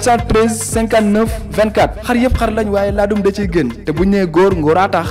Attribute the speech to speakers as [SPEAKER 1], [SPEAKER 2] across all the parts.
[SPEAKER 1] 713 vingt 24 xar yëpp xar lañ waaye laadum da ciy gën te bu ñu nee góor ngóoraa tax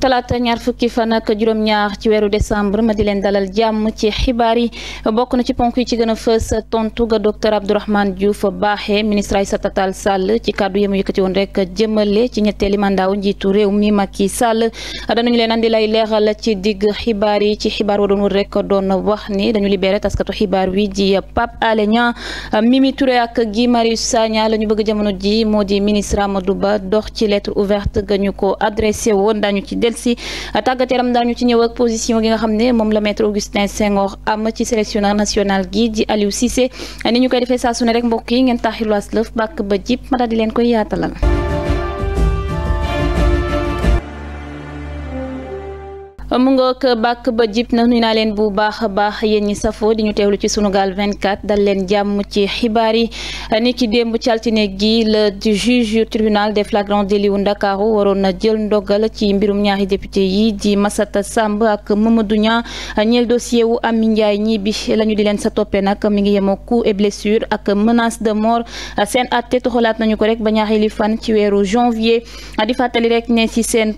[SPEAKER 2] talaata ñaar fukki fan ak juróom-ñaar ci weeru décembre ma di leen dalal jàmm ci xibaar yi bokk na ci ponk yi ci gën a fës tontu ga docteur Abdourahmane Diouf Baaxe ministre Aïssata Tall Sall ci kàddu yi mu yëkkati woon rek jëmale ci ñetteeli mandaaw njiitu réew mi Macky Sall danañu leen andi lay leeral ci digg xibaar yi ci xibaar wa doon wër rek doon wax ni dañu libéré taskatu xibaar wi ji Pape Alé Niang Mimi Touré ak Guy Marius Sagna la ji moo di ministre Ba dox ci ko adressé woon del si tàggat yaram daañu ci ñëw ak position gi nga xam ne moom la maître Augustin Senghor am ci sélectionneur national gi di Aliou Cissé ni ñu koy defee saa su ne rek mbokk yi ngeen taaxirlu aslëf bàkk ba jib ma daal di leen koy yaatalal mu ngoog bàkk ba jib na nuy naa leen bu baax a baax yéen ñi safoo di ñu teewlu ci Sunugal 24 dal leen jàmm ci xibaar ni ki démb caltine gi la juge tribunal des flagrants délits wu Ndakaaru waroon na jël ndogal ci mbirum ñaari député yi di Massata Samb ak Mamadou du ñeel dossier wu Amy Ndiaye ñi bi la di leen sa toppee nag mi ngi yemoo coup et blessure ak menace de mort seen àtte toxalaat nañu ko rek ba ñaareelu fan ci weeru janvier di fàttali rek ne ci seen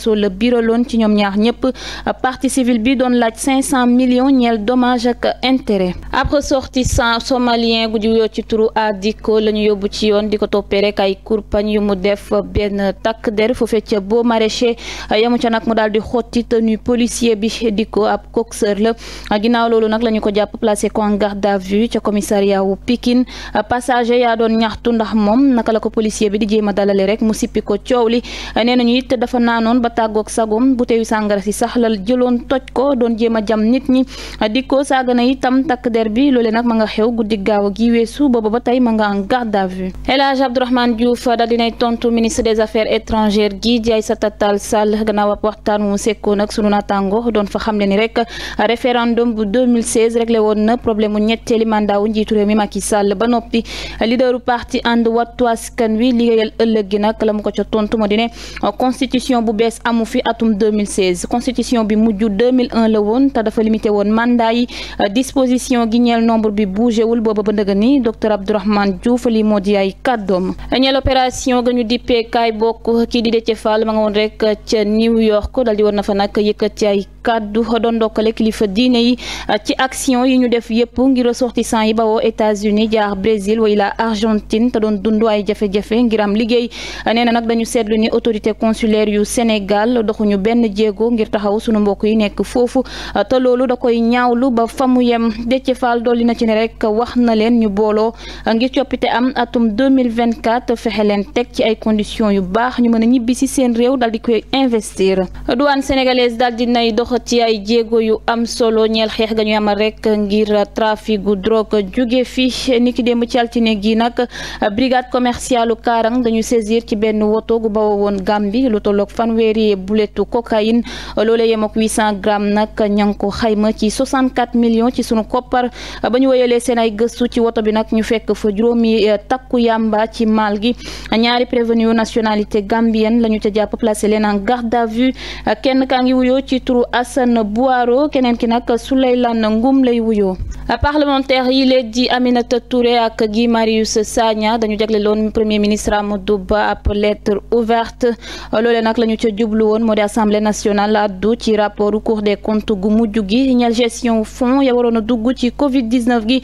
[SPEAKER 2] Faso la biraloon ci ñoom ñaar ñëpp partie civile bi doon laaj 500 millions ñeel dommage ak intérêt ab ressortissant somalien gu juyoo ci turu Adiko la ñu yóbbu ci yoon di ko toppee rek ay kurpañ yu mu def benn takk der foofee ca boo maraîcher yamu ca nag mu daal di xotti tenue policier bi Diko ab coxeur la ginnaaw loolu nag lañu ko jàpp placé ko en garde à vue ca commissariat wu Pikine passager yaa doon ñaxtu ndax moom naka la ko policier bi di jéem dalale rek mu sippi ko demoon ba tàggoog sagoom butéeyu sàngara si sax la jëloon toj ko doon jéem a jam nit ñi di ko saagana itam takk der bi nag ma nga xew guddi gaaw gi weesu booba ba tey ma nga en garde à vue El Hadj Abdourahmane Diouf dal dinay tontu ministre des affaires étrangères gi di Aïssata Tall Sall gannaaw ab waxtaan mu sekkoon ak sunu naataango doon fa xam ne ni rek référendum bu 2016 réglé woon na problème mu ñetteeli mandat wu njiitu réew mi Macky Sall ba noppi leaderu parti ànd wattu askan wi liggéeyal ëllëg gi nag la mu ko ca tontu ma di bees amu fi atum 2016 constitution bi mujj 2001 la woon te dafa limité woon mandat yi euh, disposition gi ñeel nombre bi bougéwul booba ba ndëgg ni docteur Abdourahmane Diouf moo di ay kàddoom ñeel opération ga ñu dippee bokk kii di Déthié Fall ma nga woon rek ca New York dal di woon na fa nag yëkkati ay kàddu doon ndokkale kilifa diine yi euh, ci action yi ñu def yépp ngir ressortissants yi bawoo États-Unis jaar Brésil la Argentine te doon dund ay jafe-jafe ngir euh, ni autorité consulaire Sénégal ñu benn jéego ngir taxaw sunu mbokk yi nekk foofu te loolu da koy ñaawlu ba fa mu yem Déthié Fall dolli na ci ne rek wax na leen ñu booloo ngir coppite am atum 2024 fexe leen teg ci ay conditions yu baax ñu mën a ñibbi si seen réew dal di koy investir douane sénégalaise dal di nay dox ci ay jéego yu am solo ñeel xeex ga ñu amal rek ngir trafic gu drogue jóge fii ni ki démb ci altine gi nag brigade commercial Karang dañu saisir ci benn woto gu bawoo woon téeméeri buletu cocaïne loolee yem ak 800 grammes nag ña ngi ko xayma ci 64 millions ci sunu koppar ba ñu wéyalee seen ay gëstu ci woto bi nag ñu fekk fa juróomi eh, takku yamba ci maal gi ñaari prévenu nationalité gambienne la ñu ca jàpp placé leen en garde à vue kenn kaa ngi wuyoo ci turu Assane Bouaro keneen ki nag Souleylane Ngum lay wuyoo parlementaire yi leen di Aminata Touré ak Guy Marius Sagna dañu jagleloon premier ministre Amadou Ba ab lettre ouverte loolee nag lañu jublu woon moo di assemblée nationale addu ci rapport cour des comptes gu mujj gi ñeel gestion fonds ya waroon a dugg ci covid 19 gi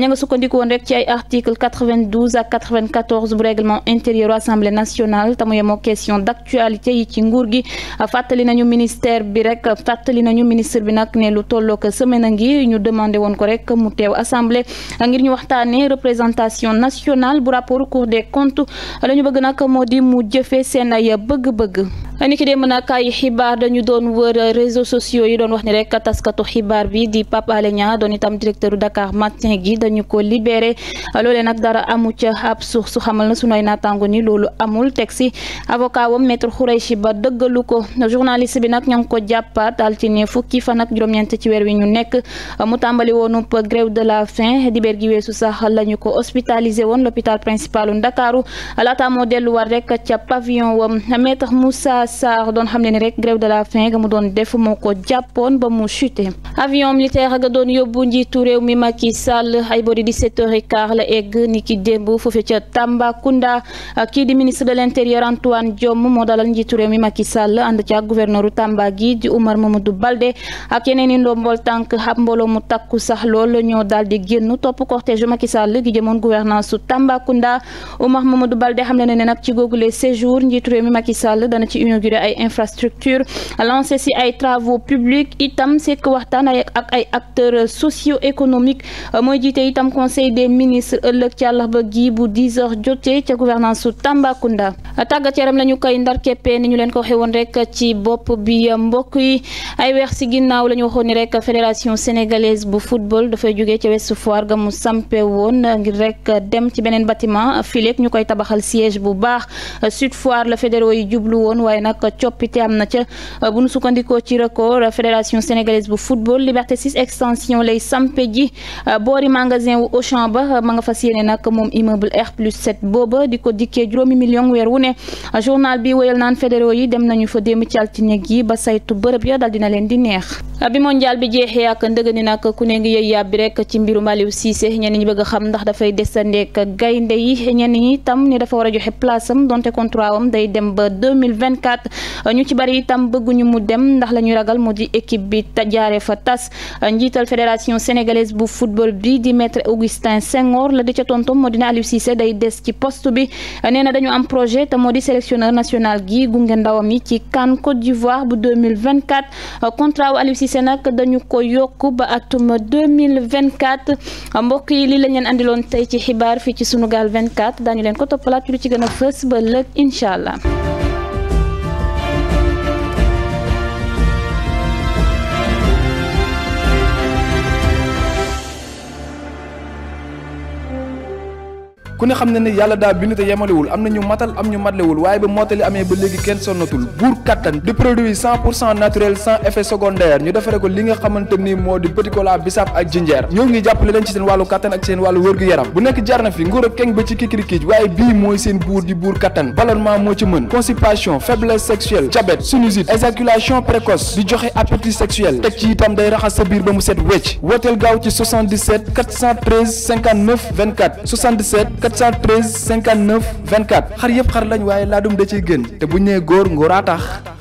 [SPEAKER 2] ña nga sukkandiku woon rek ci ay article 92 ak 94 bu règlement intérieur assemblée nationale tamu yemoo question d'actualité yi ci nguur gi fàttali nañu ministère bi rek fàttali nañu ministre bi nag ne lu tollook semaine a ngi ñu demandé woon ko rek mu teew assemblée ngir ñu waxtaane représentation nationale bu rapport cour des comptes ñu bëgg nag moo di mu jëfee seen ay bëgg-bëgg ni ki dem nag ay xibaar dañu doon wër réseaux sociaux yi doon wax ni rek taskatu xibaar bi di Pape Alé Niang doon itam directeur Dakar Matin gi dañu ko libéré loolee nag dara amu ca ab suux su xamal na sunuy naataango ni loolu amul teg si avocat wam maître Khoureychi Ba dëggalu ko journaliste bi nag ñoo ngi ko jàppaat altine fukki fan ak juróom-ñeent ci weer wi ñu nekk mu tàmbali woonu grève de la faim dibéer gi weesu sax lañu ko hospitalisé woon l'hôpital principalu Ndakaaru laata moo delluwaat rek ca pavillon wam Sarr doon xam ne ni rek grève de la faim ga mu doon def moo ko jàppoon ba mu chuté avion militaire ga doon yóbbu njiitu réew mi Macky Sall ay bori 17h15 la egg ni ki démb foofe ca Tambacounda kii di ministre de l' intérieur Antoine Diome moo dalal njiitu réew mi Macky Sall ànd ca gouverneuru Tamba gi Balde ak yeneen i ndombol tànk ab mbooloo mu takku sax lool la ñoo daal di génn topp cortège Macky Sall gi jëmoon gouvernance su Tambacounda Oumar Mamadou Balde xam ne ne nag ci googule séjour njiitu réew mi Macky inaugurer ay infrastructures lancer ci ay travaux publics itam sekk waxtaan ak ay acteurs socio-économiques euh, mooy jiite itam conseil des ministres ëllëg ci àllax ba gii bu 10 heures jotee ca gouvernance su Tambacounda tàggat yaram la ñu koy ndar keppee ni ñu leen ko waxee woon rek ci bopp bi mbokk yi ay weex ci ginnaaw lañu waxoon ni rek fédération sénégalaise bu football dafay jógee ca Ouest Foire ga mu sampe woon ngir rek dem ci beneen bâtiment fileeg ñu koy tabaxal nag coppite am na ca bu nu sukkandikoo ci record fédération sénégalaise bu football liberté 6 extension lay sampe ji boori magasin wu Auchan ba ma nga fas yéene nag moom immeuble R plus 7 booba di ko dikkee juróomi million weer wu ne journal bi wéyal naan fédéraux yi dem nañu fa démb ci altine ba saytu bërëb ya dal dina leen di neex bi mondial bi jeexee ak ndëgëni nag ku ne ngi yëy yàbbi rek ci mbiru Aliou Cissé ñenn ñi a xam ndax a 2024 ñu ci bari itam bëgguñu mu dem ndax la ñuy ragal mu di équipe bi jaaree fa tas njiital fédération sénégalaise bu football bi di maître Augustin senor la di ca tontom moo dina Aliou Cissé day des ci poste bi nee na dañu am projet te moo di sélectionneur national gi gunge ndawam yi ci CAN Côte d'Ivoire bu 2024 contrat wu Aliou Cissé nag dañu ko yokk ba atum 2024 mbokk yi lii lañ leen andiloon tey ci xibaar fii ci Sunugal 24 dañu leen ko toppalaat ci lu ci gën a fës ba lëg incha allah
[SPEAKER 1] ku ne xam ne ne yàlla daa bindu te yemalewul am na ñu matal am ñu matlewul waaye ba mottali amee ba léegi kenn sonnatul buur kattan di produit naturel sans effet secondaire ñu defare ko li nga xamante ni moo di petit cola bisaab ak jinjeer ñoo ngi jàppale leen ci seen wàllu kattan ak seen wàllu wërgu-yaram bu nekk jar na fi nguur ak keng ba ci kikirikiij waaye bii mooy seen buur di buur kattan ballonnement moo ci mën constipation faiblesse sexuelle diabète sinusite sexuel 713 vingt 24 xar yëpp xar lañ waaye laa dum da ciy gën te bu ñu nee góor tax